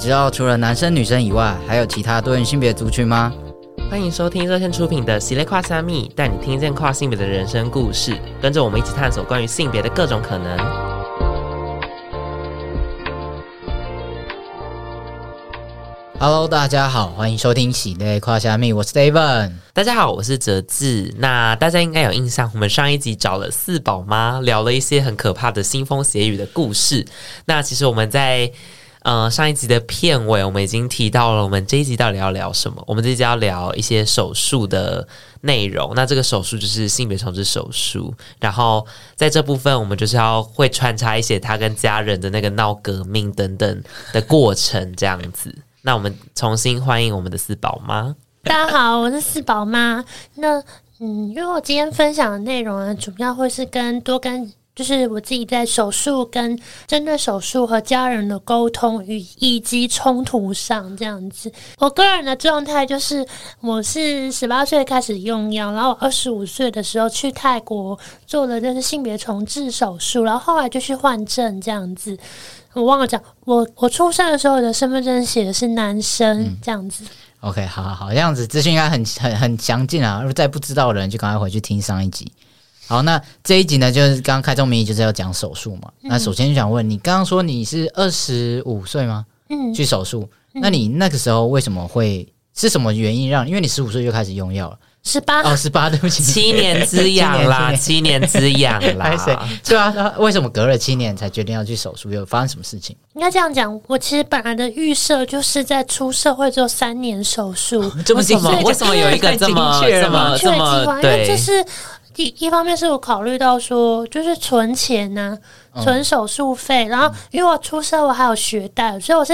你知道除了男生女生以外，還有其他多元性別族群嗎？歡迎收聽熱線出品的《喜列跨蝦米》，帶你聽見跨性別的人生故事，跟着我們一起探索關於性別的各種可能。Hello，大家好，歡迎收聽《喜列跨蝦米》。我是 David。大家好，我是哲志。那大家應該有印象，我們上一集找了四寶媽，聊了一些很可怕的腥風血雨的故事。那其實我們在。呃，上一集的片尾我們已經提到了。我們這一集到底要聊什麼？我們這一集要聊一些手術的內容。那這個手術就是性別重置手術。然後在這部分，我們就是要會穿插一些他跟家人的那個鬧革命等等的過程，這樣子。那我們重新歡迎我們的四寶媽。大家好，我是四寶媽。那嗯，因為我今天分享的內容呢，主要會是跟多跟。就是我自己在手術跟針對手術和家人的溝通與以及衝突上這樣子，我個人的狀態就是我是十八歲開始用藥，然後二十五歲的時候去泰國做了那個性別重置手術，然後後來就去換證這樣子。我忘了講，我我出生的時候的身份證寫的是男生這樣子。嗯，OK，好好好，這樣子資訊應該很很很詳盡啊！如果再不知道的人，就趕快回去聽上一集。好，那這一集呢，就是剛剛開宗明義，就是要講手術嘛、嗯。那首先就想問你，剛剛說你是二十五歲嗎？嗯，去手術、嗯，那你那個時候為什麼會是什麼原因讓？因為你十五歲就開始用藥了，十八、哦，十八，對不起，七年之癢啦，七年之癢啦，之癢啦、 哎，對啊，為什麼隔了七年才決定要去手術？又發生什麼事情？應該這樣講，我其實本來的預設就是在出社會之後三年手術。對、哦、不起，為什麼，麼有一個這麼這麼這麼對因為就是。一一方面是我考慮到說，就是存錢呐、啊，存手術費、嗯，然後因為我出社會還有學貸，所以我是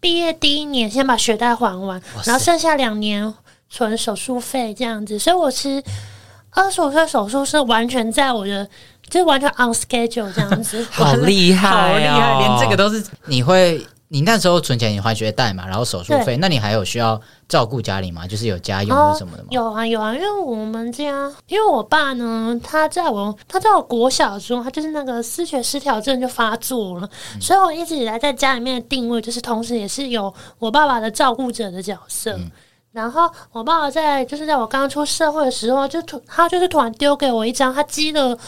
畢業第一年先把學貸還完，然後剩下兩年存手術費這樣子，所以我是二十五歲手術是完全在我的，就完全 on schedule 這樣子， 好厲害、哦，好厲害，連這個都是你會。你那時候存錢也還學貸嘛，然後手術費，那你還有需要照顧家裡嗎？就是有家用什麼的嗎？哦、有啊有啊，因為我們家，因為我爸呢，他在我他在我國小的時候，他就是那個思覺失調症就發作了，嗯，所以我一直以來在家裡面的定位就是，同時也是有我爸爸的照顧者的角色，嗯。然後我爸爸在就是在我剛出社會的時候，就突他就是突然丟給我一張他積了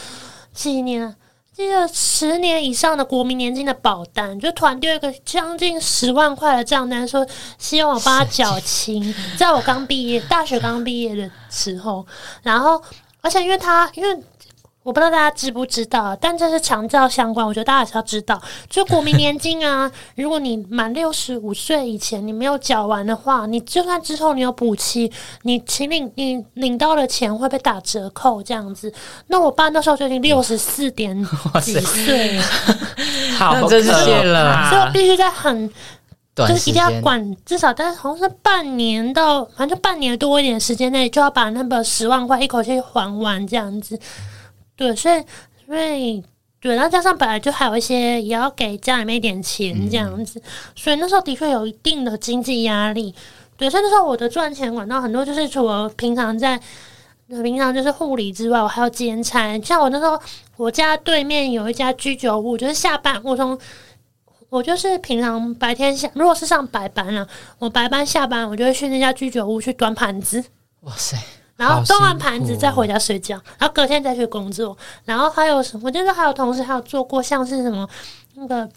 幾年，那個十年以上的國民年金的保單，就突然丟一個將近十萬塊的賬單說，說希望我幫他繳清，在我剛畢業、大學剛畢業的時候，然後而且因為他因為。我不知道大家知不知道，但這是長照相關，我覺得大家是要知道。就國民年金啊， 如果你滿六十五歲以前你沒有繳完的話，你就算之後你有補期，你請你你領到的錢會被打折扣這樣子。那我爸那時候就已經六十四點幾歲， 好，真是謝了。所以我必須在很就是一定要管，至少但是好像是半年到反正半年多一點時間內就要把那個十萬塊一口氣還完這樣子。對，所以，所以，對，然後加上本來就還有一些也要給家裡面一點錢這樣子、嗯，所以那時候的確有一定的經濟壓力。對，所以那時候我的賺錢管道很多，就是除了平常在平常就是護理之外，我還要兼差。像我那時候，我家對面有一家居酒屋，就是下班我從我就是平常白天下，如果是上白班了、啊，我白班下班，我就會去那家居酒屋去端盤子。哇塞！然後端完盤子再回家睡覺，哦，然後隔天再去工作。然後還有什麼？就是還有同事還有做過，像是什麼那個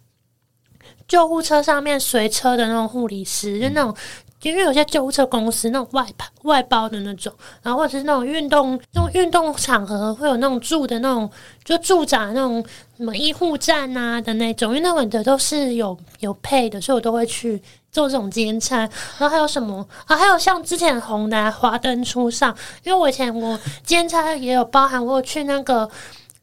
救護車上面隨車的那種護理師，嗯、就是、那種。因為有些救護車公司那種外外包的那種，然後或者是那種運動那種運動場合會有那種駐的那種就駐紮那種什麼醫護站啊的那種，因為那種的都是有有配的，所以我都會去做這種兼差。然後還有什麼啊？還有像之前的紅的華燈初上，因為我以前我兼差也有包含過去那個。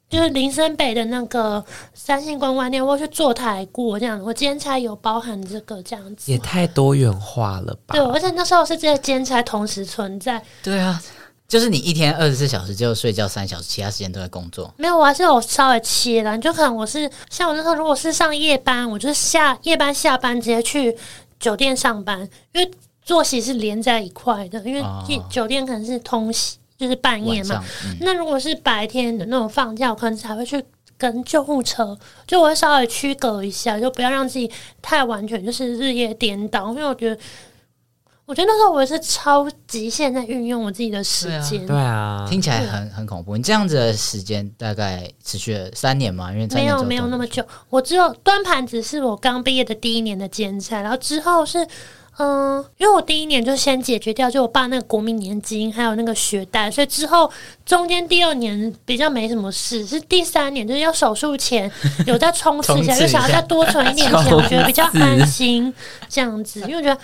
就是林森北的那個三星公關店，我去坐台過這樣。我兼差有包含這個這樣子，也太多元化了吧？對，而且那時候是這些兼差同時存在。對啊，就是你一天二十四小時，就睡覺三小時，其他時間都在工作。沒有，我還是有稍微切啦。你就可能我是像我那時候，如果是上夜班，我就是下夜班下班直接去酒店上班，因為作息是連在一塊的，因為酒店可能是通行就是半夜嘛、嗯，那如果是白天的那種放假，我可能才會去跟救護車，就我會稍微區隔一下，就不要讓自己太完全就是日夜顛倒。因為我覺得，我覺得那時候我也是超極限在運用我自己的時間，對啊，對啊對，聽起來很很恐怖。你這樣子的時間大概持續了三年嘛？因為有沒有沒有那麼久，我只有端盤子是我剛畢業的第一年的兼差，然後之後是。嗯，因為我第一年就先解決掉，就我爸那個國民年金還有那個學貸，所以之後中間第二年比較沒什麼事，是第三年就是要手術前有再充實一下，就想要再多存一點錢，我覺得比較安心這樣子，因為我覺得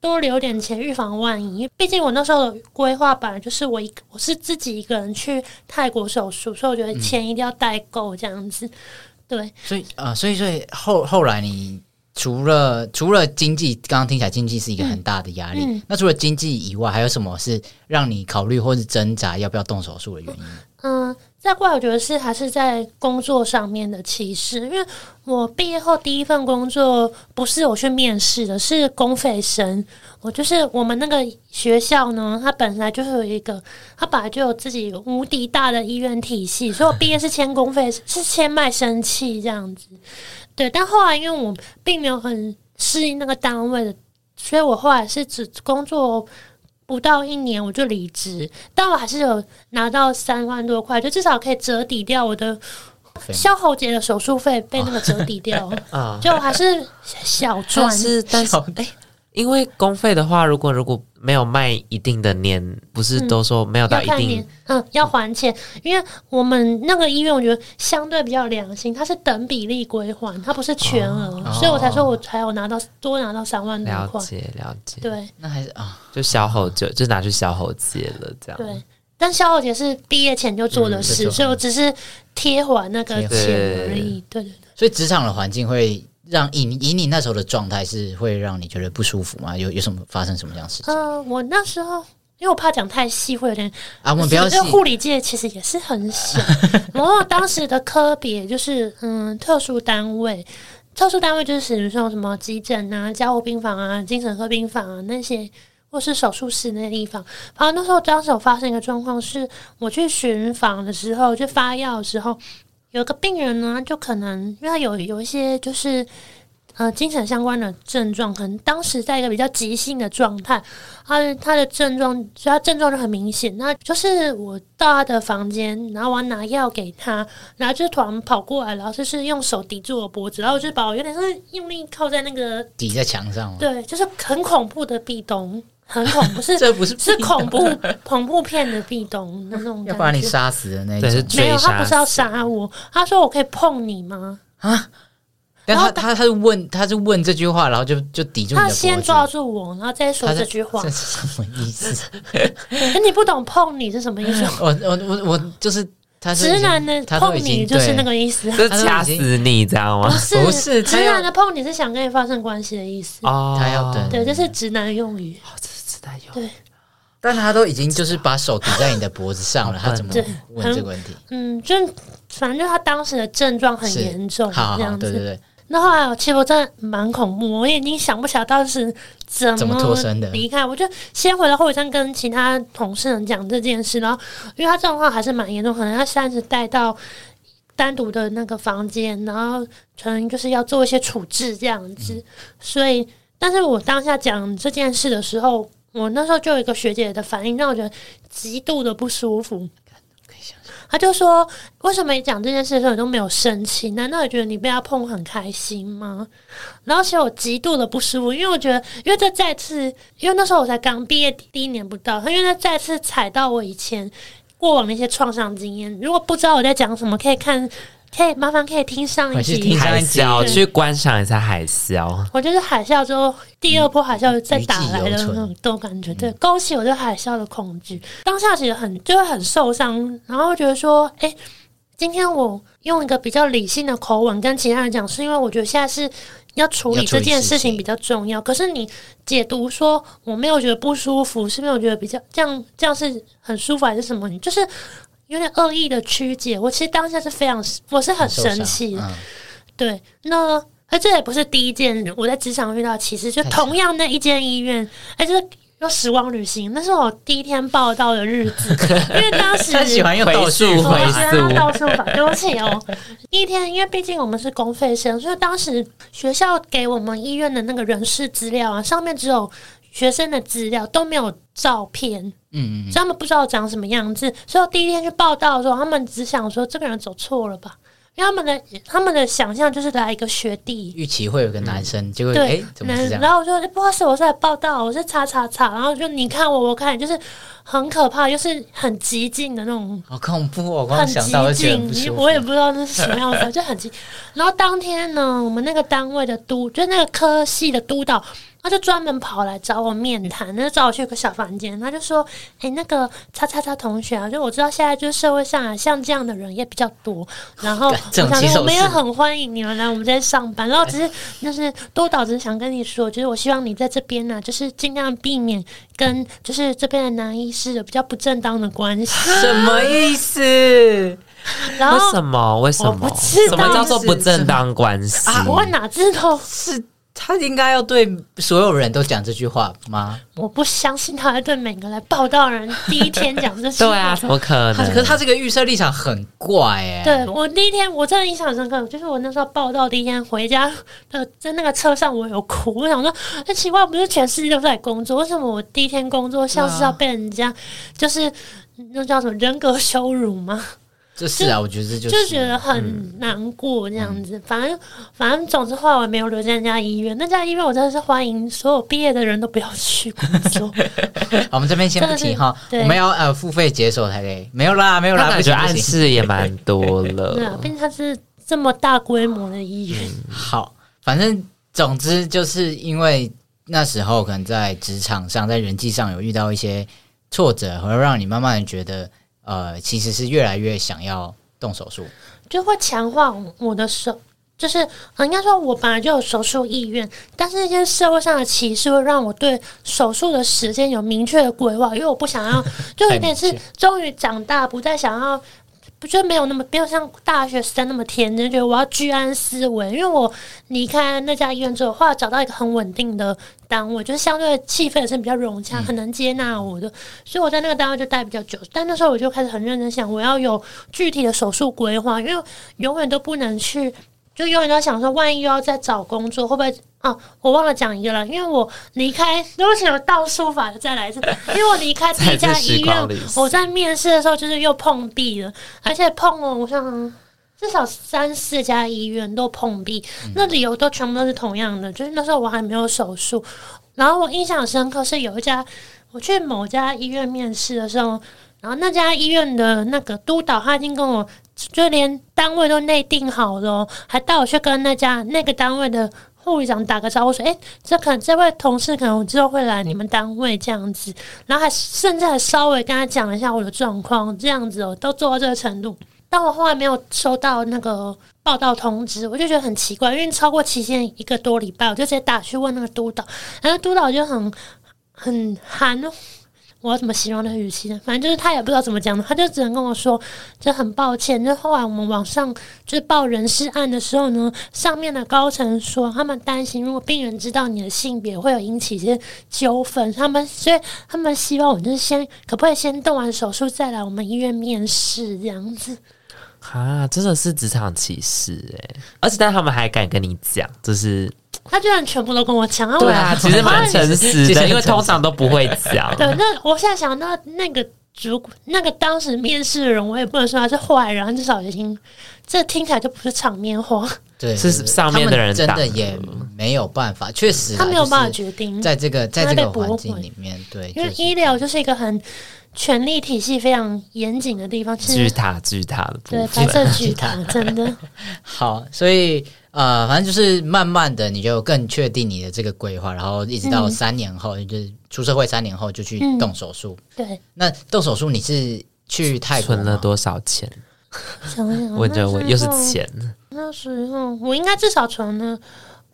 多留點錢預防萬一，畢竟我那時候的規劃本來就是我一我是自己一個人去泰國手術，所以我覺得錢一定要帶夠這樣子，嗯，對，所以啊、呃，所以所以後後來你，除了除了經濟，剛剛聽起來經濟是一個很大的壓力，嗯嗯。那除了經濟以外，還有什麼是讓你考慮或是掙扎要不要動手術的原因？嗯。呃再過來，我覺得是還是在工作上面的歧視，因為我畢業後第一份工作不是我去面試的，是公費生。我就是我們那個學校呢，它本來就是有一個，它本來就有自己無敵大的醫院體系，所以我畢業是簽公費，是簽賣身契這樣子。對，但後來因為我並沒有很適應那個單位的，所以我後來是只工作。不到一年我就離職，但我還是有拿到三萬多塊，就至少可以折抵掉我的削喉結的手術費被那個折抵掉了， 就我還是小賺。 是，但是，但 是、欸因為公費的話，如果如果沒有賣一定的年，不是都說沒有到一定，嗯，要，嗯要還錢。因為我們那個醫院，我覺得相對比較良心，它是等比例歸還，它不是全額，哦，所以我才說，我才有拿到，哦、多拿到三萬多塊，了解，了解，對。那還是啊，哦，就消耗借，就拿去消耗借了這樣。對，嗯嗯，但消耗借是畢業前就做的事，嗯，所以我只是貼還那個錢而已。對對對，對，對，對對對。所以職場的環境會。讓以你以你那時候的狀態是會讓你覺得不舒服嗎？有有什麼發生什麼樣事情？呃，我那時候因為我怕講太細會有點啊，我們不要細。護理界其實也是很小， 然後當時的科別就是嗯，特殊單位，特殊單位就是比如說什麼急診啊、加護病房啊、精神科病房啊那些，或是手術室那地方。然後那時候當時有發生一個狀況，是我去巡房的時候，去發藥的時候。有個病人呢，就可能因為他有有一些就是呃精神相關的症狀，可能當時在一個比較急性的狀態，他、啊、他的症狀，所以他症狀就很明顯。那就是我到他的房間，然後我拿藥給他，然後就突然跑過來，然後就是用手抵住我脖子，然後我就把我有點像是用力靠在那個抵在牆上嗎？對，就是很恐怖的壁咚。很恐怖 不是，是這不是是恐怖恐怖片的壁咚的那種，要把你殺死的那一種就追死。沒有，他不是要殺我，他說我可以碰你嗎？啊！然後他他就問，他就問這句話，然後就就抵住你。他先抓住我，然後再說這句話，這是什麼意思、？ 欸？你不懂碰你是什麼意思？ 我我我我就是他是直男的碰你就是那個意思，是掐死你，知道嗎？不是直男的碰你是想跟你發生關係的意思哦。對對，這、就是直男的用語。對，但他都已經就是把手抵在你的脖子上了，啊、他怎麼問這個問題？嗯，就反正就是他當時的症狀很嚴重是好好，這樣子。對對對，對。那後，後來其實我真的蠻恐怖，我也已經想不起來當時怎麼脫身的。離開我就先回到後山跟其他同事們講這件事，然後因為他狀況還是蠻嚴重，可能他擅自帶到單獨的那個房間，然後可能就是要做一些處置這樣子。嗯、所以，但是我當下講這件事的時候。我那時候就有一個學姐的反應讓我覺得極度的不舒服，她就說：“為什麼你講這件事的時候你都沒有生氣？難道你覺得你被她碰很開心嗎？”然後，其實我極度的不舒服，因為我覺得，因為這再次，因為那時候我才剛畢業第一年不到，她因為她再次踩到我以前過往的一些創傷經驗。如果不知道我在講什麼，可以看。可以麻煩可以聽上一集，一集聽海嘯，去觀賞一下海嘯。我就是海嘯之後第二波海嘯再打來的那種，都感覺、嗯、對，勾起我對海嘯的恐懼、嗯。當下其實很就會很受傷，然後覺得說，哎、欸，今天我用一個比較理性的口吻跟其他人講，是因為我覺得現在是要處理這件事情比較重要。要可是你解讀說我沒有覺得不舒服，是沒有覺得比較這樣這樣是很舒服還是什麼？你就是。有點惡意的曲解，我其實當下是非常，我是很生氣，對。那而這也不是第一件我在職場遇到的歧視，其實就同樣那一間醫院，哎、就是，又時光旅行，那是我第一天報到的日子，因為當時喜歡用倒數回用倒數法，對不起哦。第 一天，因為畢竟我們是公費生，所以當時學校給我們醫院的那個人事資料啊，上面只有。學生的資料都沒有照片，嗯嗯，嗯，所以他們不知道長什麼樣子。所以我第一天去報到的時候，他們只想說這個人走錯了吧，因為他、他們的他們的想象就是來一個學弟，預期會有個男生就會，結、嗯、果對，男、欸、生。然後我就不知道是我來報到，我是查查查，然後就你看我我看，就是很可怕，就是很激進的那種，好恐怖、哦。我光想到我也不，我也不知道那是什麼樣子， 就很激。然後當天呢，我們那個單位的督，就是那個科系的督導。他就專門跑來找我面談，他、嗯、就找我去一個小房間。他就說：“哎、欸，那個叉叉叉同學啊，就我知道現在就是社會上啊，像這樣的人也比較多。然後我想說我們也很歡迎你們來我們這邊上班。然後只是，就是督導只是想跟你說，就是我希望你在這邊呢、啊，就是盡量避免跟就是這邊的男醫師有比較不正當的關係。什麼意思？ 然後為什麼？為什麼？我不知道什麼叫做不正當關係啊！我哪知道是。”他應該要對所有人都講這句話嗎？我不相信他要對每個來報道的人第一天講這句話。 對啊，怎麼可能？可是他這個預設立場很怪誒、欸，對我第一天我真的印象很深刻，就是我那時候報道第一天回家呃，在那個車上我有哭。我想說很、欸、奇怪，不是全世界都在工作，為什麼我第一天工作像是要被人家就是那叫什麼人格羞辱嗎？就是啊就，我覺得這就是、就覺得很難過這樣子。反、嗯、正反正，反正總之，話我沒有留在那家醫院。那家醫院我真的是歡迎所有畢業的人都不要去工作。 我們這邊先不提哈，我們要呃付費解鎖才得。沒有啦，沒有啦，我覺得暗示也蠻多了。對，對，對， 對啊，畢竟它是這麼大規模的醫院、嗯。好，反正總之就是因為那時候可能在職場上，在人際上有遇到一些挫折，會讓你慢慢覺得。呃，其實是越來越想要動手術，就會強化我的手。就是應該說，我本來就有手術意願，但是一些社會上的歧視會讓我對手術的時間有明確的規劃，因為我不想要，就有點是終於長大，不再想要。我覺得沒有那麼，沒有像大學時代那麼天真，就覺得我要居安思危，因為我離開那家醫院之後，後來找到一個很穩定的單位，就是相對氣氛也是比較融洽，很能接納我的、嗯，所以我在那個單位就待比較久。但那時候我就開始很認真想，我要有具體的手術規劃，因為永遠都不能去，就永遠都在想說，萬一又要再找工作，會不會？哦、啊，我忘了講一個了，因為我離開，如果想倒數法的，再來一次，因為我離開第一家醫院， 我在面試的時候就是又碰壁了，而且碰了，我想至少三四家醫院都碰壁，嗯、那理由都全部都是同樣的，就是那時候我還沒有手術，然後我印象深刻是有一家，我去某家醫院面試的時候，然後那家醫院的那個督導他已經跟我，就連單位都內定好了、哦，還帶我去跟那家那個單位的。部長打個招呼說：“誒、欸，這可能這位同事可能之後會來你們單位這樣子，然後還甚至還稍微跟他講一下我的狀況這樣子哦、喔，都做到這個程度。但我後來沒有收到那個報到通知，我就覺得很奇怪，因為超過期限一個多禮拜，我就直接打去問那個督導，然後督導就很很含糊、喔。”我要怎麼形容那個語氣呢？反正就是他也不知道怎麼講的，他就只能跟我說，這很抱歉。就後來我們往上就報人事案的時候呢，上面的高層說他們擔心，如果病人知道你的性別，會有引起一些糾紛。他們所以他們希望我就是先可不可以先動完手術再來我們醫院面試這樣子。啊，真的是職場歧視哎、欸！而且但他們還敢跟你講，就是。他居然全部都跟我講，啊！對啊，嗯、其實蠻誠實的，其實因為通常都不會講。 對，那我現在想到那個主，那個當時面試的人，我也不能說他是壞人，至少已經這聽起來就不是場面話。對，是上面的人真的也沒有辦法，確、嗯、實他沒有辦法決定在這個在這個環境裡面，對、就是，因為醫療就是一個很權力體系非常嚴謹的地方，就、是、巨塔，巨塔的部分，對，白色巨塔， 真的好，所以。呃，反正就是慢慢的，你就更確定你的這個規劃，然後一直到三年後，嗯，就是出社會三年後就去動手術，嗯。對，那動手術你是去泰國存了多少錢？我的我，我又是錢，那時候，那時候我應該至少存了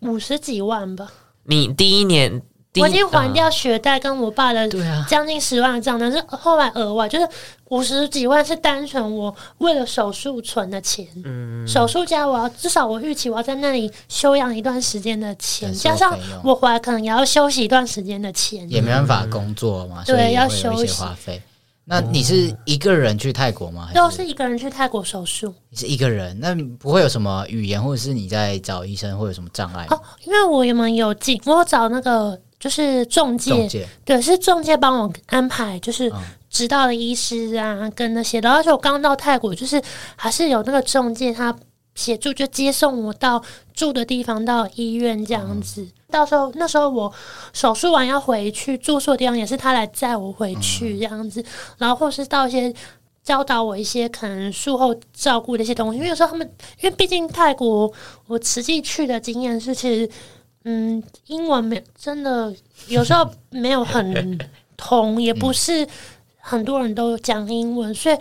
五十幾萬吧。你第一年。我已經還掉學貸跟我爸的將近十萬的賬單，啊、但是後來額外就是五十幾萬是單純我為了手術存的錢。嗯，手術家我要至少我預期我要在那裡休養一段時間的錢，加上我回來可能也要休息一段時間的錢，也沒辦法工作嘛，嗯，所以，對，要休息。那你是一個人去泰國嗎？是都是一個人去泰國手術。你是一個人，那不會有什麼語言或者是你在找醫生或者有什麼障礙？因為我也蠻有勁，我找那個。就是中介，介，對，是中介幫我安排，就是指導的醫師啊，嗯、跟那些。然後，時候我剛到泰國，就是還是有那個中介他協助，就接送我到住的地方，到醫院這樣子。嗯、到時候那時候我手術完要回去住宿的地方，也是他來載我回去這樣子。嗯、然後，或是到一些教導我一些可能術後照顧的一些東西。因為有時候他們，因為畢竟泰國我，我實際去的經驗是其實。嗯，英文沒真的有時候沒有很通，也不是很多人都講英文，所以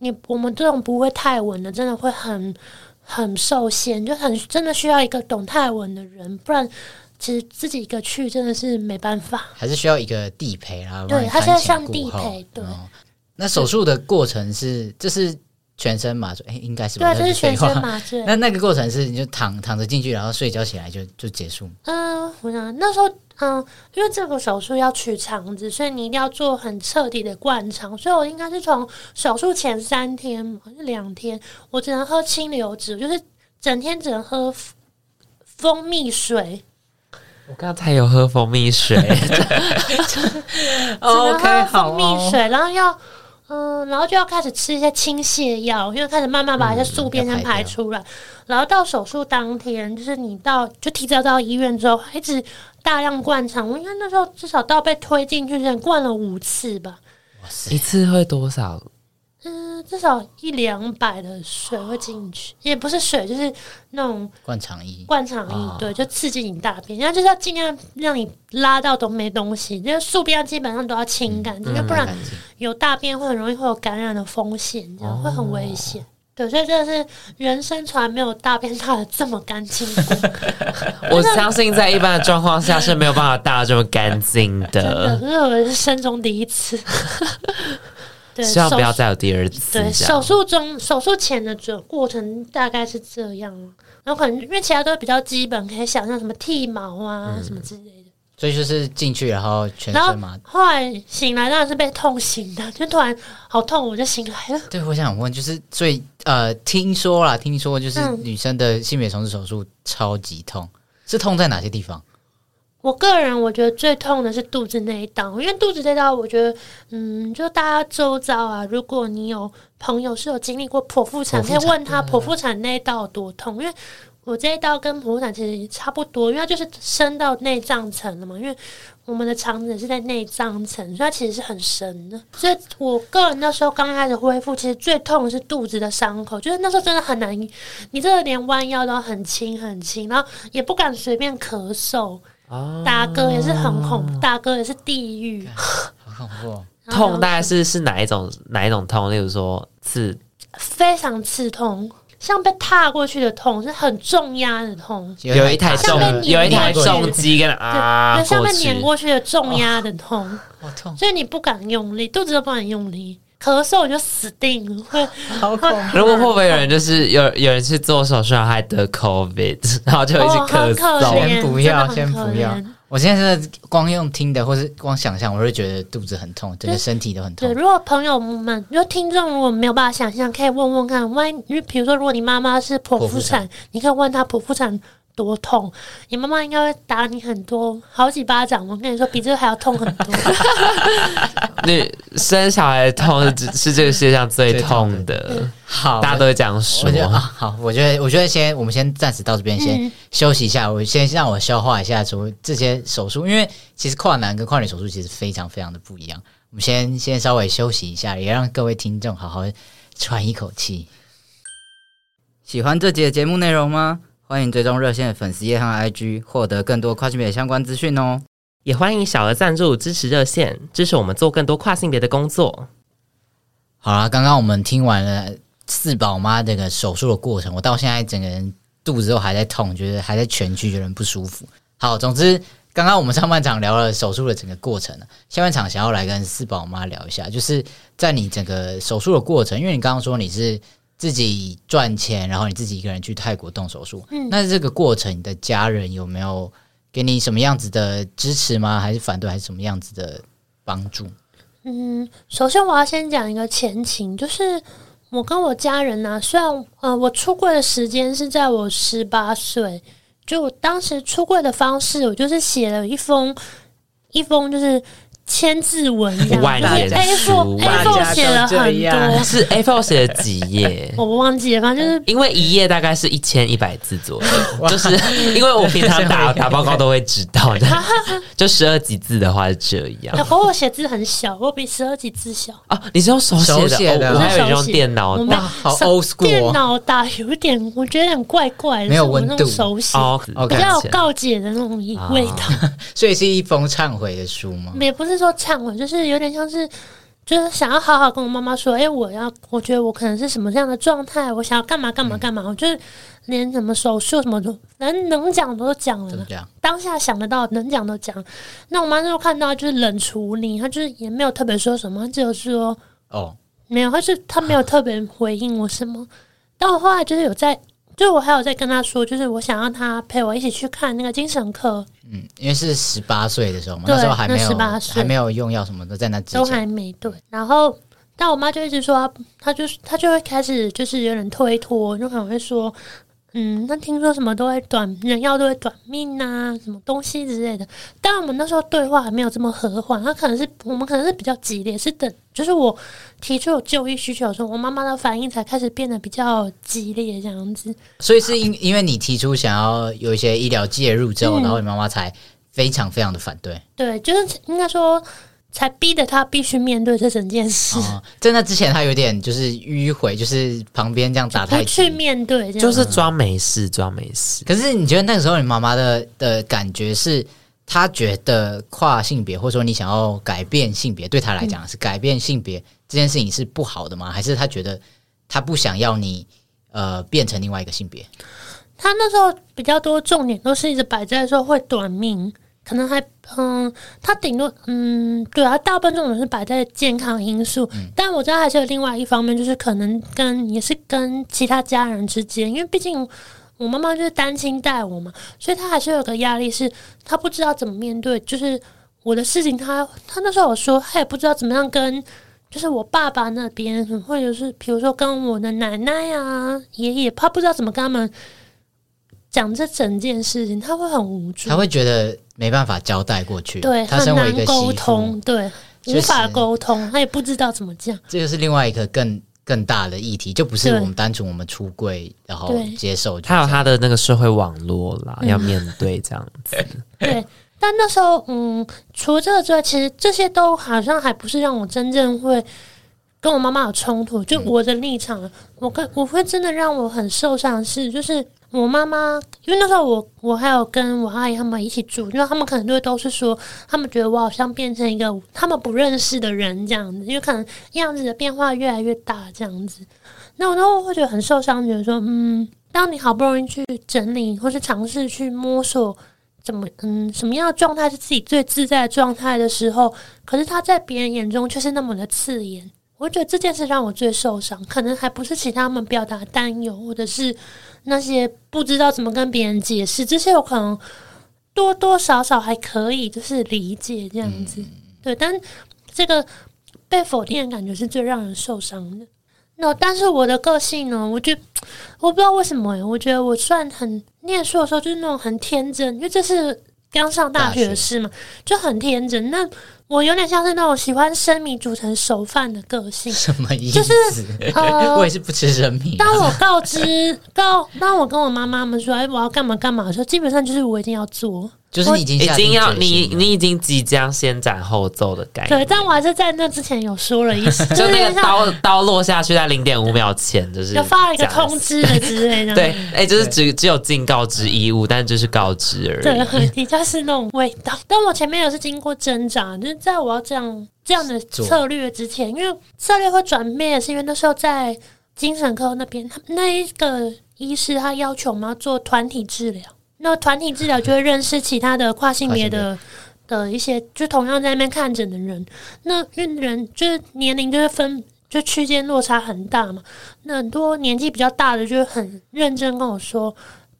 你我們這種不會泰文的，真的會很很受限，就很真的需要一個懂泰文的人，不然其實自己一個去真的是沒辦法，還是需要一個地陪啊，對，他現在像地陪，對。那手術的過程是這、就是。全身麻醉，哎、欸，應該是，不是，對，就是全身麻醉。那那個過程是你就躺躺着進去，然後睡覺起來就就結束。嗯、呃，我想那時候，嗯、呃，因為這個手術要取腸子，所以你一定要做很徹底的灌腸。所以我應該是從手術前三天還是兩天，我只能喝清流質，就是整天只能喝蜂蜜水。我剛才有喝蜂蜜水， 對 只能喝蜂蜜水，然後要。嗯，然後就要開始吃一些清瀉藥，因為開始慢慢把一些宿便先排出來排。然後到手術當天，就是你到就提早到醫院之後，一直大量灌腸，嗯。我應該那時候至少到被推進去之前灌了五次吧。一次會多少？嗯、至少一兩百的水會進去。哦，也不是水，就是那種灌腸液。灌腸液。哦，對，就刺激你大便，人家就是要盡量讓你拉到都沒東西，就是宿便基本上都要清乾淨，嗯，不然有大便會很容易會有感染的風險。嗯，這樣會很危險。哦。對，所以就是人生從來沒有大便大得這麼乾淨過。 我相信在一般的狀況下是沒有辦法大這麼乾淨的，這是人生中第一次。 希望不要再有第二次。對，手術中、手術前的過程大概是這樣，然後可能因為其他都比較基本，可以想象什麼剃毛啊、嗯、什麼之類的。所以就是進去然後全身麻，後來醒來當然是被痛醒的，就突然好痛，我就醒來了。對，我想問就是最呃，聽說啦，聽說就是女生的性別重置手術超級痛、嗯，是痛在哪些地方？我個人我覺得最痛的是肚子那一刀，因為肚子這刀我覺得，嗯，就大家周遭啊，如果你有朋友是有經歷過剖腹，剖腹產，可以問他剖腹產那一刀有多痛，因為我這一刀跟剖腹產其實差不多，因為它就是深到內臟層了嘛，因為我們的腸子是在內臟層，所以它其實是很深的。所以我個人那時候剛開始恢復，其實最痛的是肚子的傷口，就是那時候真的很難，你真的連彎腰都很輕很輕，然後也不敢隨便咳嗽。打、oh, 嗝也是很恐怖，打嗝也是地獄，God, 好恐怖、哦。痛大概是是哪一種哪一種痛？例如說刺，非常刺痛，像被踏過去的痛，是很重壓的痛，有一台重有一台重機跟啊，像被碾過去的重壓的痛，痛、哦，所以你不敢用力，肚子都不敢用力。咳嗽我就死定了，好恐怖！ 如果會不會有人就是有有人去做手術還得 COVID，然後就一直咳嗽？不、哦、要，先不要！先不要，我現在是光用聽的，或是光想象，我就覺得肚子很痛，整、就、個、是就是、身體都很痛。如果朋友們，如果聽眾如果沒有辦法想象，可以問問看，萬一，因為比如說，如果你媽媽是剖腹產，產，你可以問她剖腹產。多痛！你媽媽應該會打你很多好幾巴掌。我跟你說，比這個還要痛很多。那 生小孩痛是,是這個世界上最痛的。對對對對好，大家都會這樣說好。好，我覺得，我覺得先，我們先暫時到這邊、嗯，先休息一下。我先讓我消化一下，說這些手術，因為其實跨男跟跨女手術其實非常非常的不一樣。我們先先稍微休息一下，也讓各位聽眾好好喘一口氣。喜歡這集的節目內容嗎？歡迎追蹤熱線的粉絲頁和 IG，獲得更多跨性別相關資訊哦。也歡迎小額贊助支持熱線，支持我們做更多跨性別的工作。好啦，剛剛我們聽完了四寶媽這個手術的過程，我到現在整個人肚子都還在痛，覺得還在痊癒覺得有點不舒服。好，總之剛剛我們上半場聊了手術的整個過程，下半場想要來跟四寶媽聊一下，就是在你整個手術的過程，因為你剛剛說你是。自己賺錢，然後你自己一個人去泰國動手術。嗯，那這個過程你的家人有沒有給你什麼樣子的支持嗎？還是反對，還是什麼樣子的幫助？嗯，首先我要先講一個前情，就是我跟我家人呢、啊，雖然呃，我出櫃的時間是在我十八歲，就我當時出櫃的方式，我就是寫了一封，一封就是。千字文 a four a four 寫了很多，是 a four 寫了幾頁？ 我忘記了，反正就是因為一頁大概是一千一百字左右，就是因為我平常打打報告都會知道的、 啊，就十二級字的話是這樣。我寫字很小，我比十二級字小啊！你是用手寫的，我還有用電腦打，好 old school、哦、電腦打有點我覺得有點怪怪的，沒有那種手寫、oh, 哦，比較有告解的那種味道。Okay. Oh. 所以是一封懺悔的書嗎？那時候暢我就是有點像是，就是想要好好跟我媽媽說，哎、欸，我要我覺得我可能是什麼樣的狀態，我想要幹嘛幹嘛幹嘛、嗯，我就是連什麼手術什麼的，能能講都講了、嗯，當下想得到能講都講。那我媽就看到就是冷處理，她就是也沒有特別說什麼，就是說哦沒有，她是她沒有特別回應我什麼、啊。但我後來就是有在。就我還有在跟他說，就是我想讓他陪我一起去看那個精神科。嗯，因為是十八歲的時候嘛，那時候還沒有十八歲，還沒有用藥什麼的，在那之前都還沒對。然後但我媽就一直說，她就是她就會開始就是有點推脫，就可能會說。嗯，那聽說什麼都會短，人要都會短命吶、啊，什麼東西之類的。但我們那時候對話還沒有這麼和緩，他可能是我們可能是比較激烈，是等就是我提出有就醫需求的時候，我媽媽的反應才開始變得比較激烈這樣子。所以是因因為你提出想要有一些醫療介入之後，嗯、然後你媽媽才非常非常的反對。對，就是應該說。才逼得他必須面對這整件事。哦，在那之前，他有點就是迂回，就是旁邊這樣打太極，就去面對，就是裝沒事，裝沒事。可是你覺得那個時候你媽媽的的感覺是，她覺得跨性別，或者說你想要改變性別，嗯，對她來講是改變性別這件事情是不好的嗎？還是她覺得她不想要你呃變成另外一個性別？她那時候比較多重點都是一直擺在說會短命。可能還嗯，他頂多嗯，對啊，大部分這種人是擺在健康因素、嗯，但我知道還是有另外一方面，就是可能跟也是跟其他家人之間，因為畢竟我媽媽就是單親帶我嘛，所以她還是有個壓力是，是她不知道怎麼面對，就是我的事情他，她她那時候我說，她也不知道怎麼樣跟，就是我爸爸那邊，或者是比如說跟我的奶奶呀、啊、爺爺，他不知道怎麼跟他們講這整件事情，他會很無助，他會覺得。沒辦法交代過去，對，他他身為一個媳婦，對，就是、無法溝通，他也不知道怎麼講。這個是另外一個更更大的議題，就不是我們單純我們出櫃然後接受，他有他的那個社會網絡啦、嗯，要面對這樣子。對，但那時候，嗯，除了這個之外，其實這些都好像還不是讓我真正會跟我媽媽有衝突。就我的立場，嗯、我跟我會真的讓我很受傷的是就是。我媽媽，因為那時候我我還有跟我阿姨他們一起住，因為他們可能就會都是說，他們覺得我好像變成一個他們不認識的人這樣子，因為可能樣子的變化越來越大這樣子，那我都會覺得很受傷，覺得說，嗯，當你好不容易去整理或是嘗試去摸索怎麼嗯什麼樣的狀態是自己最自在的狀態的時候，可是他在別人眼中卻是那麼的刺眼，我覺得這件事讓我最受傷，可能還不是其他他們表達擔憂或者是。那些不知道怎麼跟別人解釋，這些我可能多多少少還可以，就是理解這樣子，嗯。對，但這個被否定的感覺是最讓人受傷的。那、no, 但是我的個性呢？我覺得我不知道為什麼，欸、我覺得我算很念書的時候就是那種很天真，因為這是剛上大學的事嘛，就很天真那。我有點像是那種喜歡生米煮成熟飯的個性，什麼意思？就是呃、我也是不吃生米、啊。當我告知告，當我跟我媽媽們說，哎、欸，我要幹嘛幹嘛的時候，基本上就是我一定要做，就是你已經已經要你，你已經即將先斬後奏的感覺。對，但我還是在那之前有說了一次， 就是那個刀刀落下去在零點五秒前，就是有發了一個通知的之類那樣。對，哎、欸，就是只有只有盡告知義務，但就是告知而已。對，你、就、較是那種味道。但我前面也是經過掙扎，就是。在我要這樣這樣的策略之前，因為策略會轉變，是因為那時候在精神科那邊，那一個醫師他要求我們要做團體治療，那團體治療就會認識其他的跨性別的、嗯、的一些，就同樣在那邊看診的人，那因為人就是年齡就是分就區間落差很大嘛，那很多年紀比較大的就是很認真跟我說，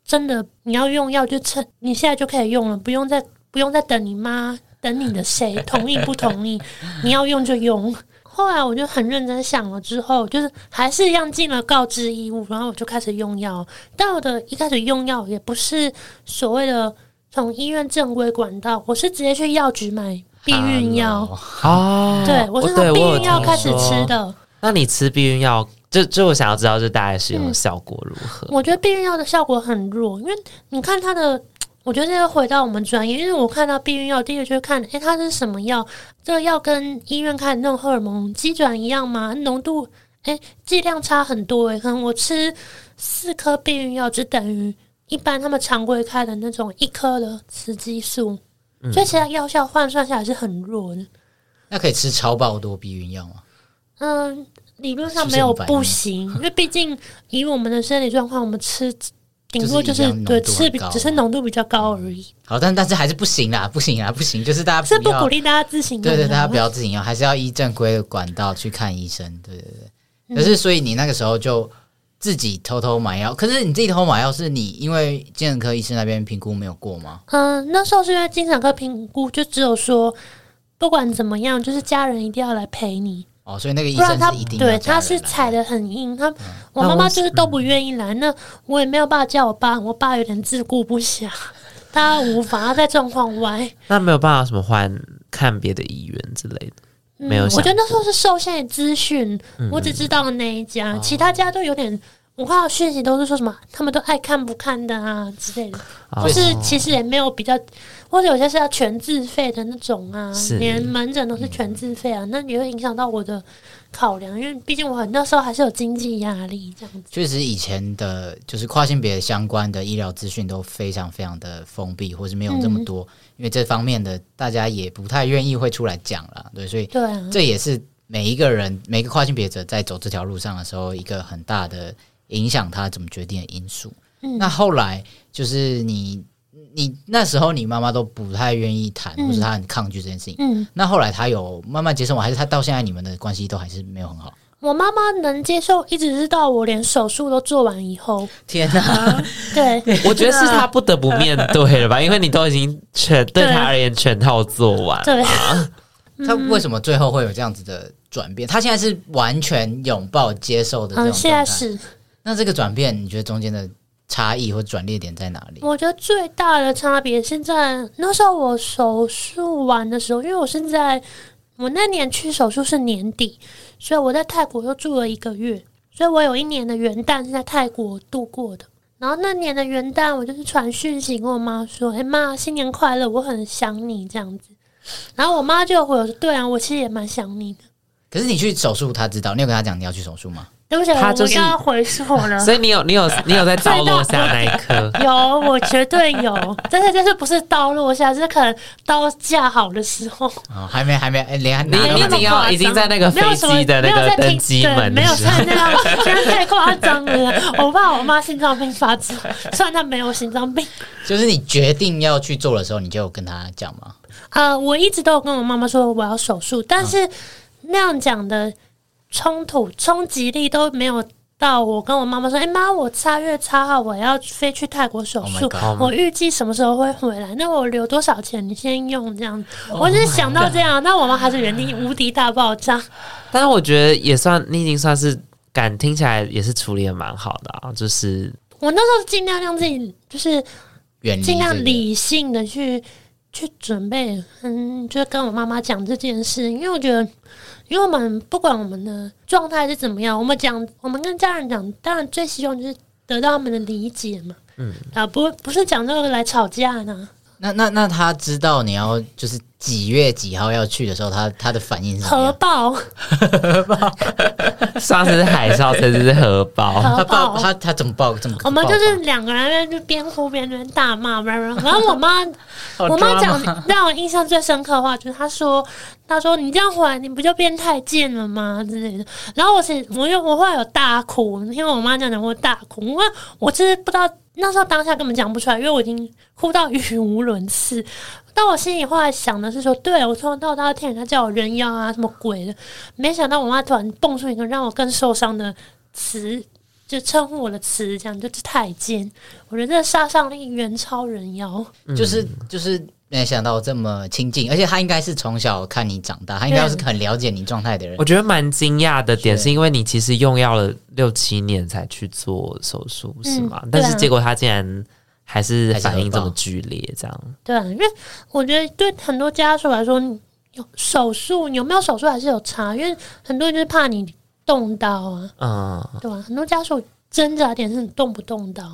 真的你要用藥就趁你現在就可以用了，不用再不用再等你媽。等你的誰同意不同意？ 你要用就用。後來我就很認真想了，之後就是還是一樣盡了告知義務，然後我就開始用藥。但我的一開始用藥也不是所謂的從醫院正規管道，我是直接去藥局買避孕藥啊。Oh，對，我是從避孕藥開始吃的。那你吃避孕藥，就就我想要知道，這大概使用效果如何？嗯，我覺得避孕藥的效果很弱，因為你看它的。我覺得現在回到我們專業，因為我看到避孕藥，第一個就是看，哎、欸，它是什麼藥？這個藥跟醫院開的那種荷爾蒙機轉一樣嗎？濃度，哎、欸，劑量差很多哎、欸。可能我吃四顆避孕藥，只等於一般他們常規開的那種一顆的雌激素、嗯，所以其他藥效換算下來是很弱的。那可以吃超爆多避孕藥嗎？嗯，理論上沒有不行，是不是啊、 因為畢竟以我們的生理狀況，我們吃。評估就是對，是只是濃度比較高而已。好，但但是還是不行啦，不行啦，不行。就是大家不要，是不鼓勵大家自行、啊、對，對對，大家不要自行用、啊，還是要依正規的管道去看醫生。對對對。可是，所以你那個時候就自己偷偷買藥、嗯。可是你自己偷買藥，是你因為精神科醫生那邊評估沒有過嗎？嗯，那時候是因為精神科評估就只有說，不管怎麼樣，就是家人一定要來陪你。哦，所以那個醫生是一定的。對，他是踩得很硬。他、嗯、我媽媽就是都不願意來，那我也沒有辦法叫我爸。我爸有點自顧不暇，他無法在狀況外。那 沒有辦法什麼換看別的醫院之類的，嗯、沒有。我覺得那時候是受限於資訊，我只知道那一家、嗯哦，其他家都有點。我看到訊息都是說什麼他們都愛看不看的啊之類的，哦、就是其實也沒有比較。或者有些是要全自費的那種啊，是連門診都是全自費啊，嗯、那也會影響到我的考量，因為畢竟我很多時候還是有經濟壓力這樣子。確實，以前的就是跨性別相關的醫療資訊都非常非常的封閉，或是沒有這麼多，嗯、因為這方面的大家也不太願意會出來講了，對，所以對，這也是每一個人每個跨性別者在走這條路上的時候一個很大的影響，他怎麼決定的因素。嗯、那後來就是你。你那時候，你媽媽都不太願意談、嗯，或是她很抗拒這件事情。嗯，那後來她有慢慢接受我，還是她到現在你們的關係都還是沒有很好？我媽媽能接受，一直到我連手術都做完以後。天哪、啊啊！對，我覺得是她不得不面對了吧？這個、因為你都已經全對她而言全套做完了，對啊、嗯嗯。她為什麼最後會有這樣子的轉變？她現在是完全擁抱接受的這種狀態、啊。現在是。那這個轉變，你覺得中間的？差異或轉捩點在哪裡？我覺得最大的差別現在那時候我手術完的時候，因為我現在我那年去手術是年底，所以我在泰國又住了一個月，所以我有一年的元旦是在泰國度過的。然後那年的元旦我就是傳訊息跟我媽說：“誒，媽，新年快樂，我很想你。”這樣子。然後我媽就回我說：“對啊，我其實也蠻想你的。”可是你去手術，他知道？你有跟他講你要去手術嗎？對不起，就是、我剛剛回錯了。所以你有你有你有在刀落下那一刻？ 有，我絕對有。但是但是不是刀落下，就是可能刀架好的時候。哦、還沒還沒，你你一定要已經在那個飛機的那個登機門，沒，在門對沒有？在那樣。太誇張了，我怕我媽心臟病發作。雖然她沒有心臟病。就是你決定要去做的時候，你就跟她講嘛。呃，我一直都有跟我媽媽說我要手術，但是那樣講的。嗯衝突衝擊力都沒有到，我跟我媽媽說：“哎、欸、媽，我三月三號我要飛去泰國手術，oh、God, 我預計什麼時候會回來？那我留多少錢？你先用這樣子。Oh ”我只是想到這樣，那我媽還是原地無敵大爆炸。啊、但是我覺得也算，你已經算是敢聽起來也是處理得蠻好的啊。就是我那時候儘量讓自己就是儘量理性的去、這個、去準備，嗯，就是跟我媽媽講這件事，因為我覺得。因為我們不管我們的狀態是怎麼樣，我們講，我們跟家人講，當然最希望就是得到他們的理解嘛。嗯，啊，不，不是講這個來吵架呢。那那那他知道你要就是。幾月幾號要去的時候，她她的反應是核爆，核 爆，上次是海嘯，這次是核爆，她爆，怎麼爆？怎麼？我們就是兩個人在就邊哭邊在大罵， 然後我媽，我媽講讓我印象最深刻的話，就是她說：“她說，她說你這樣回來，你不就變太監了嗎？”之類的。然後我是……我又我後來有大哭，因為我媽講的我大哭，因為我其實不知道那時候當下根本講不出來，因為我已經哭到語無倫次。但我心裡話想的是說，對我從頭到尾聽人家叫我人妖啊，什麼鬼的。沒想到我媽突然蹦出一個讓我更受傷的詞，就稱呼我的詞，這樣就是太監。我覺得殺傷力遠超人妖。嗯、就是就是沒想到這麼親近，而且他應該是從小看你長大，他應該是很了解你狀態的人。我覺得蠻驚訝的點是，是因為你其實用藥了六七年才去做手術、嗯，是嗎、對啊？但是結果他竟然。還是，還是反應這麼劇烈，這樣對啊，因為我覺得對很多家屬來說，有手術，你有沒有手術還是有差，因為很多人就是怕你動刀啊，嗯，對吧？很多家屬掙扎點是你動不動刀，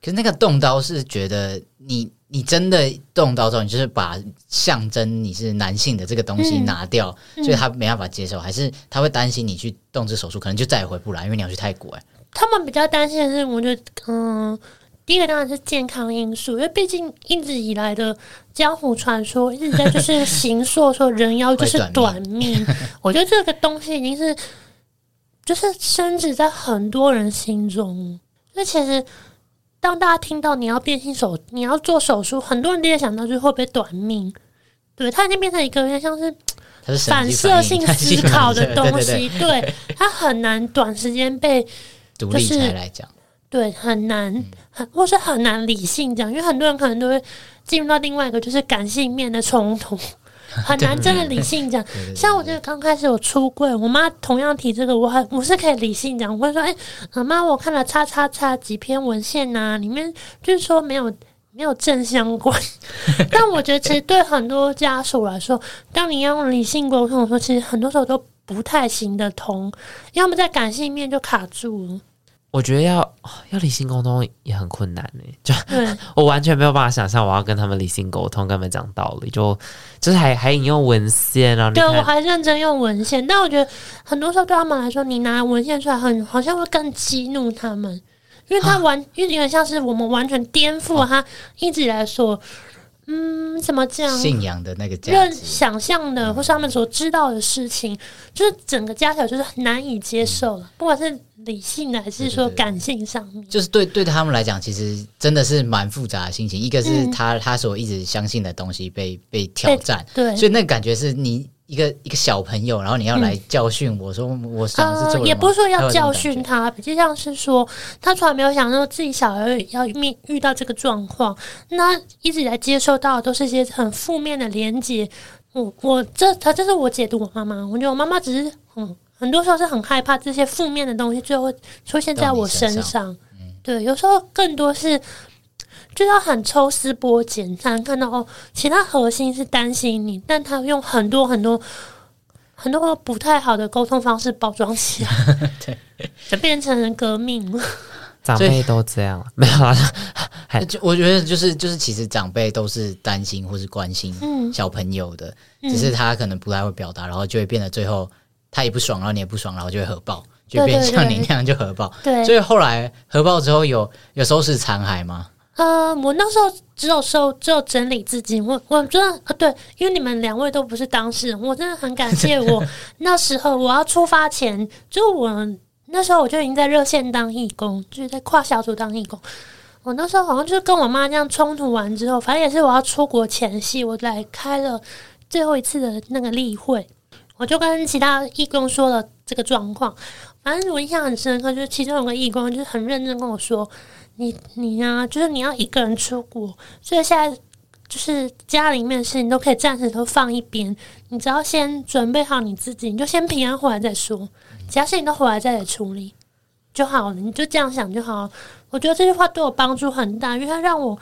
可是那個動刀是覺得你你真的動刀之後，你就是把象徵你是男性的這個東西拿掉，嗯、所以他沒辦法接受，嗯、還是他會擔心你去動這手術，可能就再也回不來，因為你要去泰國，哎，他們比較擔心的是，我覺得嗯。呃第一個當然是健康因素，因為畢竟一直以來的江湖傳說一直在就是形塑說人妖就是短命，我覺得這個東西已經是就是深植在很多人心中。那其實當大家聽到你要變性手，你要做手術，很多人都在想到就會不會短命？對，它已經變成一個像是反射性思考的東西對，對它很難短時間被就是。對，很難，嗯、很或是很難理性講，因為很多人可能都會進入到另外一個就是感性面的衝突，很難真的理性講。 對對對，像我就是剛開始有出櫃，我媽同樣提這個，我還我是可以理性講，我會說：“哎、欸，媽，我看了叉叉叉幾篇文獻啊，裡面就是說沒有沒有正相關。 ”但我覺得其實對很多家屬來說，當你要用理性溝通的時候，其實很多時候都不太行得通，要麼在感性面就卡住了。我覺得要要理性溝通也很困難呢、欸，就我完全沒有辦法想象我要跟他們理性溝通，跟他們講道理，就就是還還引用文獻啊。對，我還認真用文獻，但我覺得很多時候對他們來說，你拿文獻出來，很好像會更激怒他們，因為他完、啊、因為有點像是我們完全顛覆了他、啊、一直以來所嗯怎麼講信仰的那個，任想象的或是他們所知道的事情，嗯、就是整個家裡就是很難以接受了，不管是。理性的還是說感性上面？就是對對他們來講，其實真的是蠻複雜的心情。一個是他，嗯、他所一直相信的東西被被挑戰、欸，對，所以那個感覺是你一個一個小朋友，然後你要來教訓我說，嗯、我想的是人、呃、也不是說要教訓他，他他就像是說他從來沒有想到自己小孩要遇遇到這個狀況，那一直以來接受到的都是一些很負面的連接。我我這他這是我解讀我媽媽，我覺得我媽媽只是嗯。很多時候是很害怕這些負面的東西最後出現在我身上、身上、嗯，對，有時候更多是就要很抽絲剝繭，但看到哦，其他核心是擔心你，但他用很多很多很多不太好的溝通方式包裝起來， 對，就變成革命了。長輩都這樣，沒有啦。 我覺得就是就是，其實長輩都是擔心或是關心小朋友的，嗯、只是他可能不太會表達，然後就會變得最後。他也不爽了，然後你也不爽了，然後就會核爆，就變成像你那樣就核爆對對對。對，所以後來核爆之後有，有有收拾殘骸嗎？呃，我那時候只有收，只有整理自己。我我真的，哦，對，因為你們兩位都不是當事人，我真的很感謝我 那時候我要出發前，就我那時候我就已經在熱線當義工，就是在跨小組當義工。我那時候好像就是跟我媽這樣衝突完之後，反正也是我要出國前夕，我來開了最後一次的那個例會。我就跟其他義工說了這個狀況，反正我印象很深刻，就是其中有個義工就是很認真跟我說：“你你呀、啊，就是你要一個人出國，所以現在就是家裡面的事情都可以暫時都放一邊，你只要先準備好你自己，你就先平安回來再說。其他事情都回來再處理就好了，你就這樣想就好。”我覺得這句話對我幫助很大，因為它讓我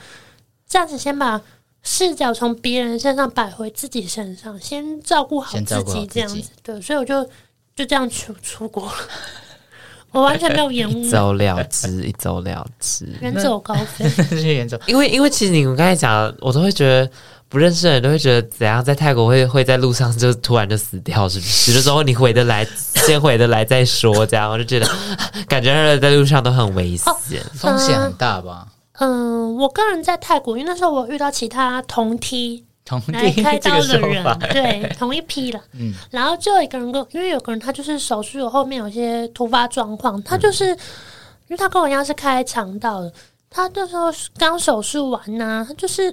暫時先把。視角從別人身上擺回自己身上，先照顧好，好自己，這樣子，對，所以我就就這樣出出國了， 我完全沒有延誤， 一走了之，一走了之，遠走高飛，去遠走。因為因為其實你們剛才講，我都會覺得不認識的人都會覺得怎樣，在泰國會會在路上就突然就死掉，是不是？死 了之後你回得來，先回得來再說，這樣 我就覺得感覺人在路上都很危險。哦，呃，風險很大吧。嗯，我個人在泰國，因為那時候我遇到其他同梯來開刀的人，這個、對，同一批了。嗯，然後就有一個人跟，因為有個人他就是手術後面有一些突發狀況，他就是、嗯，因為他跟我一樣是開腸道的，他那時候剛手術完吶、啊，他就是，因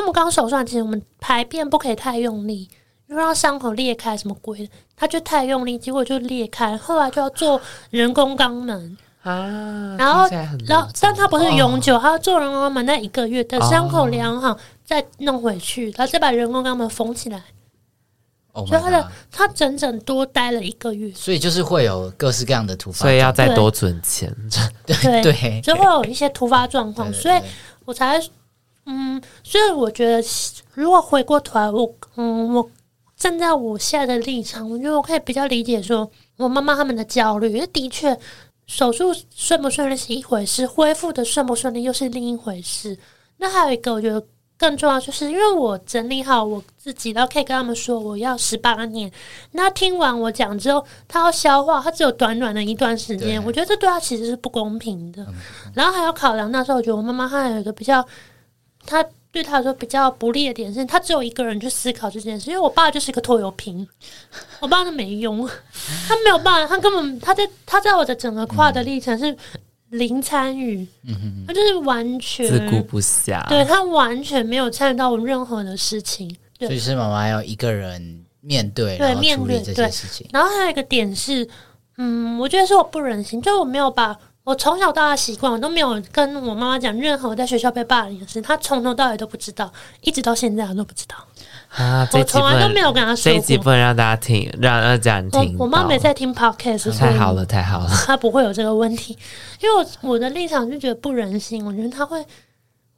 為我們剛手術完，其實我們排便不可以太用力，因為讓傷口裂開什麼鬼的，他就太用力，結果就裂開，後來就要做人工肛門。 啊，然後，然後，但他不是永久，哦、他做人工肛門那一個月，等傷口良好再弄回去，然後再把人工肛門縫起來。哦、所以他的他整整多待了一個月，所以就是會有各式各樣的突發狀況，所以要再多存錢，對對，就會有一些突發狀況，對對對對，所以我才嗯，所以我覺得如果回過頭來，我嗯，我站在我現在的立場，我覺得我可以比較理解，說我媽媽他們的焦慮，因為的確。手術順不順利是一回事，恢復的順不順利又是另一回事。那還有一個，我覺得更重要，就是因為我整理好我自己，然後可以跟他們說我要十八年。那聽完我講之後，他要消化，他只有短短的一段時間，我覺得這對他其實是不公平的。嗯、然後還要考量那時候，我覺得我媽媽她還有一個比較，她。對他來說比較不利的點是，他只有一個人去思考這件事，因為我爸就是一個拖油瓶，我爸都沒用，他沒有辦法，他根本，他在他在我的整個跨的歷程是零參與，嗯，他就是完全自顧不暇，對他完全沒有參與到我任何的事情，對，所以是媽媽要一個人面對，對面對這件事情。然後還有一個點是，嗯，我覺得是我不忍心，就是我沒有把。我從小到大習慣，我都沒有跟我媽媽講任何我在學校被霸凌的事情。她從頭到尾都不知道，一直到現在她都不知道啊。我從來都沒有跟她說過。這一集不能讓大家聽，讓讓講我我媽沒在聽 Podcast、嗯、太好了，太好了，她不會有這個問題。因為我，我的立場就覺得不忍心，我覺得她會，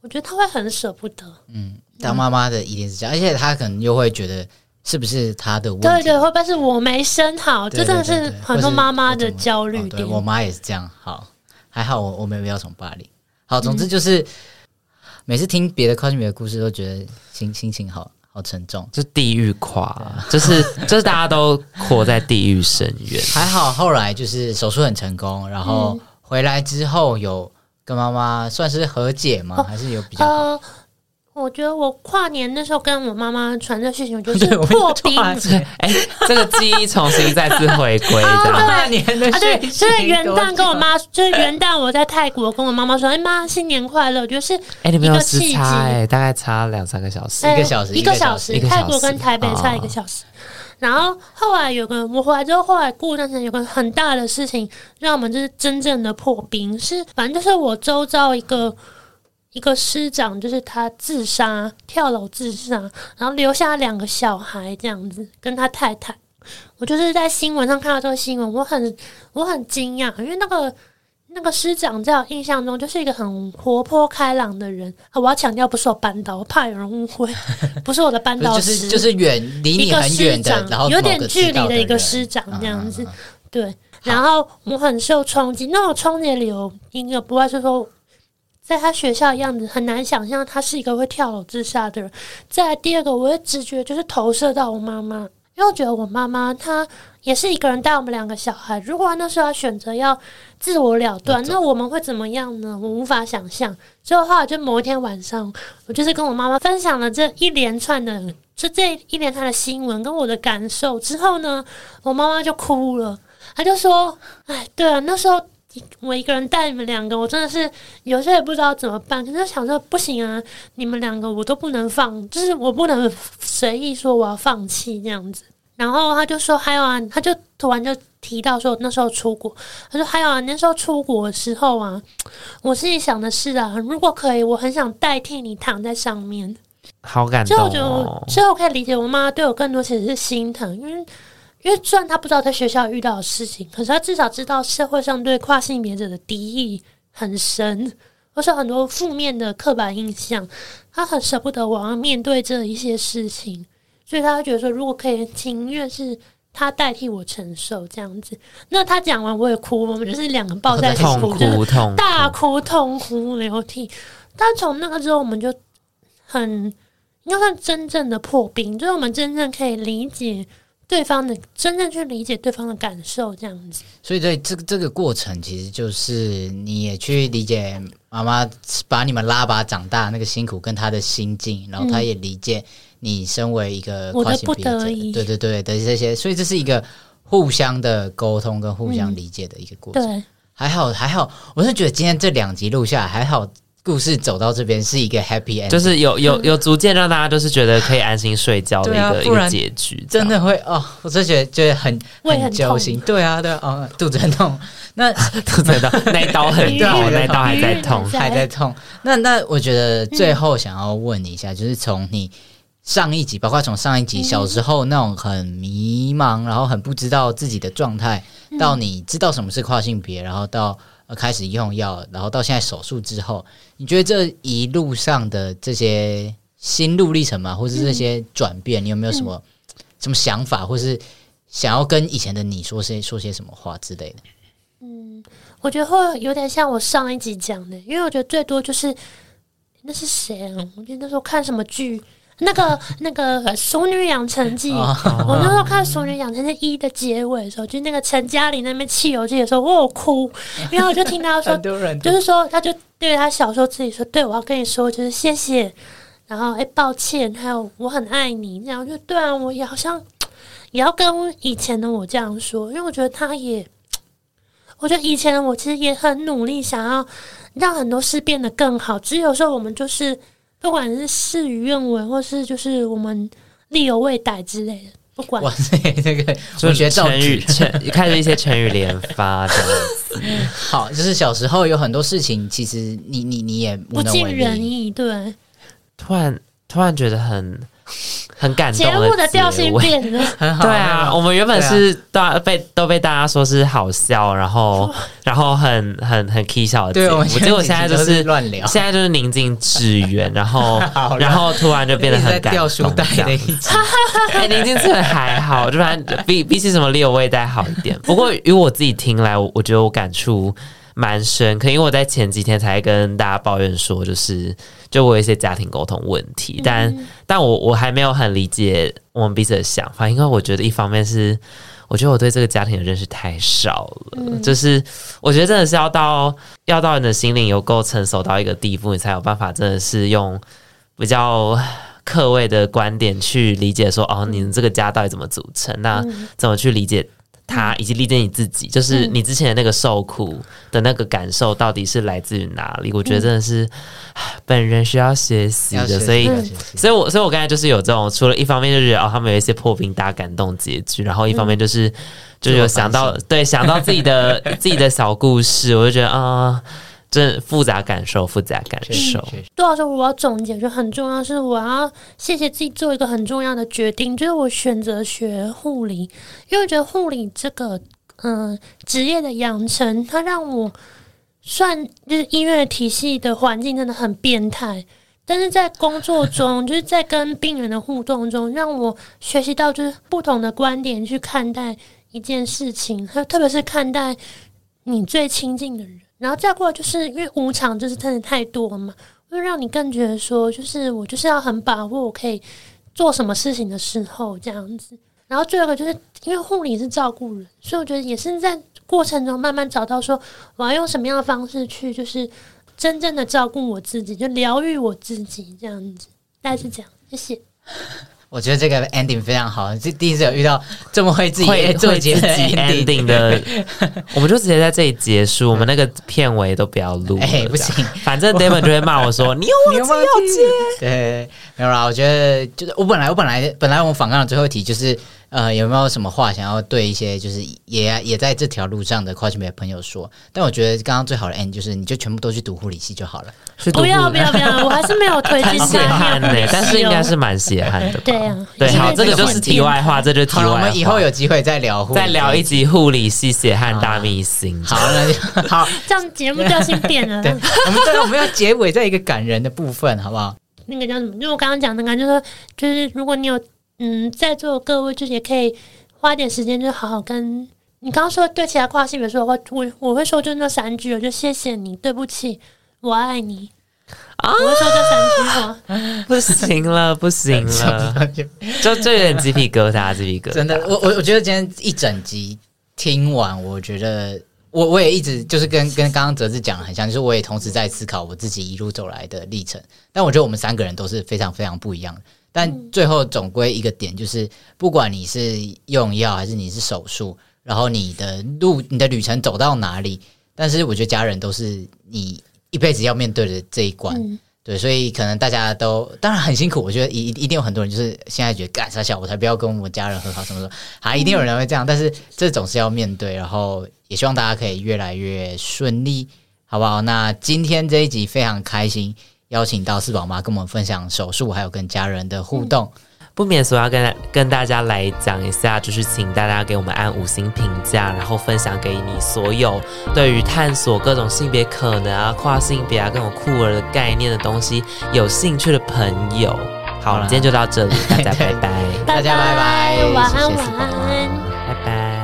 我覺得她會很捨不得。嗯，嗯當媽媽的一定是這樣，而且她可能又會覺得是不是她的問題？對對，對，對，會不會是我沒生好？對對對對真的是很多媽媽的焦慮、哦、對，我媽也是這樣，好。還好我我沒必要從霸凌。好，總之就是、嗯、每次聽別的跨性別的故事，都覺得心心情好好沉重，就地獄這是地獄跨，就是就是大家都活在地獄深淵。還好後來就是手術很成功，然後回來之後有跟媽媽算是和解嗎、嗯？還是有比較好？啊我覺得我跨年那時候跟我媽媽傳的事情就是破冰，哎、 欸，這個記憶重新再次回歸。跨年的時候啊對，啊對啊，所以元旦跟我媽 就是元旦我在泰國跟我媽媽說：“哎、欸、媽，新年快樂！”就是哎、欸，你們有時差、欸，哎，大概差兩三個小時，、欸、個小時，一個小時一個小時，一個小時，泰國跟台北差一個小時。啊、然後後來有個，我回來之後，後來過一段時間有個很大的事情，讓我們就是真正的破冰，是反正就是我周遭一個。一個師長就是他自殺跳樓自殺，然後留下兩個小孩這樣子跟他太太。我就是在新聞上看到這個新聞，我很我很驚訝，因為那個那個師長在我印象中就是一個很活潑開朗的人。我要強調不是我班導，我怕有人誤會，不是我的班導師、 就是，就是就是遠離你很遠一個師長，然後有點距離的一個師長這樣子。嗯嗯嗯嗯、對，然後我很受衝擊，那種衝擊的理由應該不外是說。在他學校的樣子很難想象他是一個會跳樓自殺的人。再來第二個，我的直覺就是投射到我媽媽，因為我覺得我媽媽她也是一個人帶我們兩個小孩。如果她那時候選擇要自我了斷，那我們會怎麼樣呢？我無法想象。之後後來就某一天晚上，我就是跟我媽媽分享了這一連串的，就這一連串的新聞跟我的感受，之後呢，我媽媽就哭了，她就說：“哎，對啊，那時候。”我一個人帶你們兩個，我真的是有些也不知道怎麼辦。可是想說不行啊，你們兩個我都不能放，就是我不能隨意說我要放棄這樣子。然後他就說還有啊，他就突然就提到說那時候出國，他說還有啊，那時候出國的時候啊，我自己想的是啊，如果可以，我很想代替你躺在上面。好感動哦。結果，結果我可以理解我媽媽對我更多其實是心疼，因為。因為雖然他不知道在學校遇到的事情，可是他至少知道社會上對跨性別者的敵意很深，或是很多負面的刻板印象，他很捨不得我要面對這一些事情，所以他會覺得說，如果可以情願是他代替我承受這樣子。那他講完我也哭，我們就是兩個抱在一起哭，就是大哭痛哭流涕。但從那個之後，我們就很應該算真正的破冰，就是我們真正可以理解。對方的真正去理解對方的感受，這樣子。所以對，這這個、這個過程，其實就是你也去理解媽媽把你們拉拔長大那個辛苦跟他的心境，然後他也理解你身為一個跨性別者、嗯、我的不得已，對對對，對這些，所以這是一個互相的溝通跟互相理解的一個過程、嗯對。還好，還好，我是覺得今天這兩集錄下來還好。故事走到這邊是一個 happy ending，就是有有有逐漸讓大家就是覺得可以安心睡覺的一個、嗯啊、一個結局。真的會哦，我就覺得，覺得很很，很揪心。對啊，對啊，對啊、哦，肚子很痛，那、啊、肚子很痛， 那一刀很、 啊、痛，那刀還在痛，還在痛。那那我覺得最後想要問你一下，嗯、就是從你上一集，包括從上一集小時候那種很迷茫，然後很不知道自己的狀態、嗯，到你知道什麼是跨性別，然後到。呃，開始用藥，然後到現在手術之後，你覺得這一路上的這些心路歷程嘛，或是這些轉變、嗯，你有沒有什麼、嗯、什麼想法，或是想要跟以前的你說些說些什麼話之類的？嗯，我覺得會有點像我上一集講的，因為我覺得最多就是那是誰啊？我覺得那時候看什麼劇。那個那個《熟、那個、女養成記，》 我那時候看《熟女養成記》一的結尾的時候， 就那個陳嘉玲那邊《汽油記》的時候，我有哭， 然後我就聽到他說， 就是說，他就對他小時候自己說：“對我要跟你說，就是謝謝，然後哎、欸、抱歉，還有我很愛你。然後”這樣就對啊，我也好像也要跟以前的我這樣說，因為我覺得他也，我覺得以前的我其實也很努力，想要讓很多事變得更好，只是有時候我們就是。不管是事與願違，或是就是我們力有未逮之類的，不管，哇塞，那個，所以覺得成語成開始一些成語連發，這樣子。 好，就是小時候有很多事情，其實你你你也能不盡人意，對。突然，突然覺得很。很感動。節目的調性變了，對啊，我們原本是大被都被大家說是好笑，然後然後很很很 k i s 笑的。對，我們結果現在就是亂聊，現在就是寧靜致遠，然後 然後突然就變得很感動吊書袋，這樣。寧靜致遠還好，就反正比比起什麼六味帶好一點。不過，與我自己聽來，我，我覺得我感觸蠻深，可因為我在前幾天才跟大家抱怨說、就是，就是就我有一些家庭溝通問題，嗯、但但我我還沒有很理解我們彼此的想法，因為我覺得一方面是我覺得我對這個家庭的認識太少了，嗯、就是我覺得真的是要到要到你的心靈有夠成熟到一個地步，你才有辦法真的是用比較客位的觀點去理解說，哦，你們這個家到底怎麼組成，那怎麼去理解？他以及理解你自己、嗯，就是你之前的那個受苦的那個感受，到底是來自於哪裡？嗯。我覺得真的是本人需要學習的學，所以，所以我，所以我剛才就是有這種，除了一方面就是哦，他們有一些破冰大感動結局，然後一方面就是、嗯、就有想到，對，想到自己的 自己的小故事，我就覺得啊。呃這複雜感受，複雜感受。杜老師我要總結，就很重要是我要謝謝自己做一個很重要的決定，就是我選擇學護理，因為我覺得護理這個嗯呃、職業的養成，它讓我算就是醫院體系的環境真的很變態，但是在工作中就是在跟病人的互動中，讓我學習到就是不同的觀點去看待一件事情，特別是看待你最親近的人。然後再過，就是因為無常就是真的太多嘛，會讓你更覺得說，就是我就是要很把握我可以做什麼事情的時候這樣子。然後第二個，就是因為護理是照顧人，所以我覺得也是在過程中慢慢找到說，我要用什麼樣的方式去，就是真正的照顧我自己，就療癒我自己這樣子。大概是這樣，謝謝。我覺得這個 ending 非常好，這第一次有遇到這麼會自己做剪輯 ending 的。 我們就直接在這裡結束。 我們那個片尾都不要錄。哎、欸，不行，反正 David 就會罵我說 你又忘記要接。對，對，對，沒有啦，我覺得就是我本來我本來本來我們訪綱的最後一題就是。呃，有沒有什麼話想要對一些就是也也在這條路上的跨性別朋友說？但我覺得剛剛最好的 n 就是你就全部都去讀護理系就好了。不要不要不要，我還是沒有推薦三六血汗 但是應該是蠻血汗的。對啊。對，對對嗯、對好，這個就是題外話，這個題這個、就是題外話好。我們以後有機會再聊護理系，再聊一集護理系血汗大明星。好，那就好。 這樣節目就要先變了。對，我們我們要結尾在一個感人的部分，好不好？那個叫什麼？就我剛剛講那個，就是說就是如果你有。嗯，在座各位就也可以花點時間，就好好跟你剛剛說對其他跨性別說的話，我我會說就那三句，我就謝謝你，對不起，我愛你。啊！我會說這三句話，啊，我會說這三句話，不行了，不行了， 就這點雞皮疙瘩，雞 皮疙瘩。真的，我我我覺得今天一整集聽完，我覺得我我也一直就是跟跟剛剛哲子講的很像，就是我也同時在思考我自己一路走來的歷程。但我覺得我們三個人都是非常非常不一樣的。但最後總歸一個點就是，不管你是用藥還是你是手術，然後你的路、你的旅程走到哪裡，但是我覺得家人都是你一輩子要面對的這一關。嗯、對，所以可能大家都當然很辛苦，我覺得一一定有很多人就是現在覺得幹三小，我才不要跟我家人和好什麼什麼，還一定有人會這樣。但是這總是要面對，然後也希望大家可以越來越順利，好不好？那今天這一集非常開心。邀請到四寶媽跟我們分享手術，還有跟家人的互動，嗯、不免所要跟跟大家來講一下，就是請大家給我們按五星評價，然後分享給你所有對於探索各種性別可能啊、跨性別啊、各種酷兒的概念的東西有興趣的朋友。好了、嗯，今天就到這裡，大家拜拜， 大家拜拜，謝謝四寶媽，拜拜。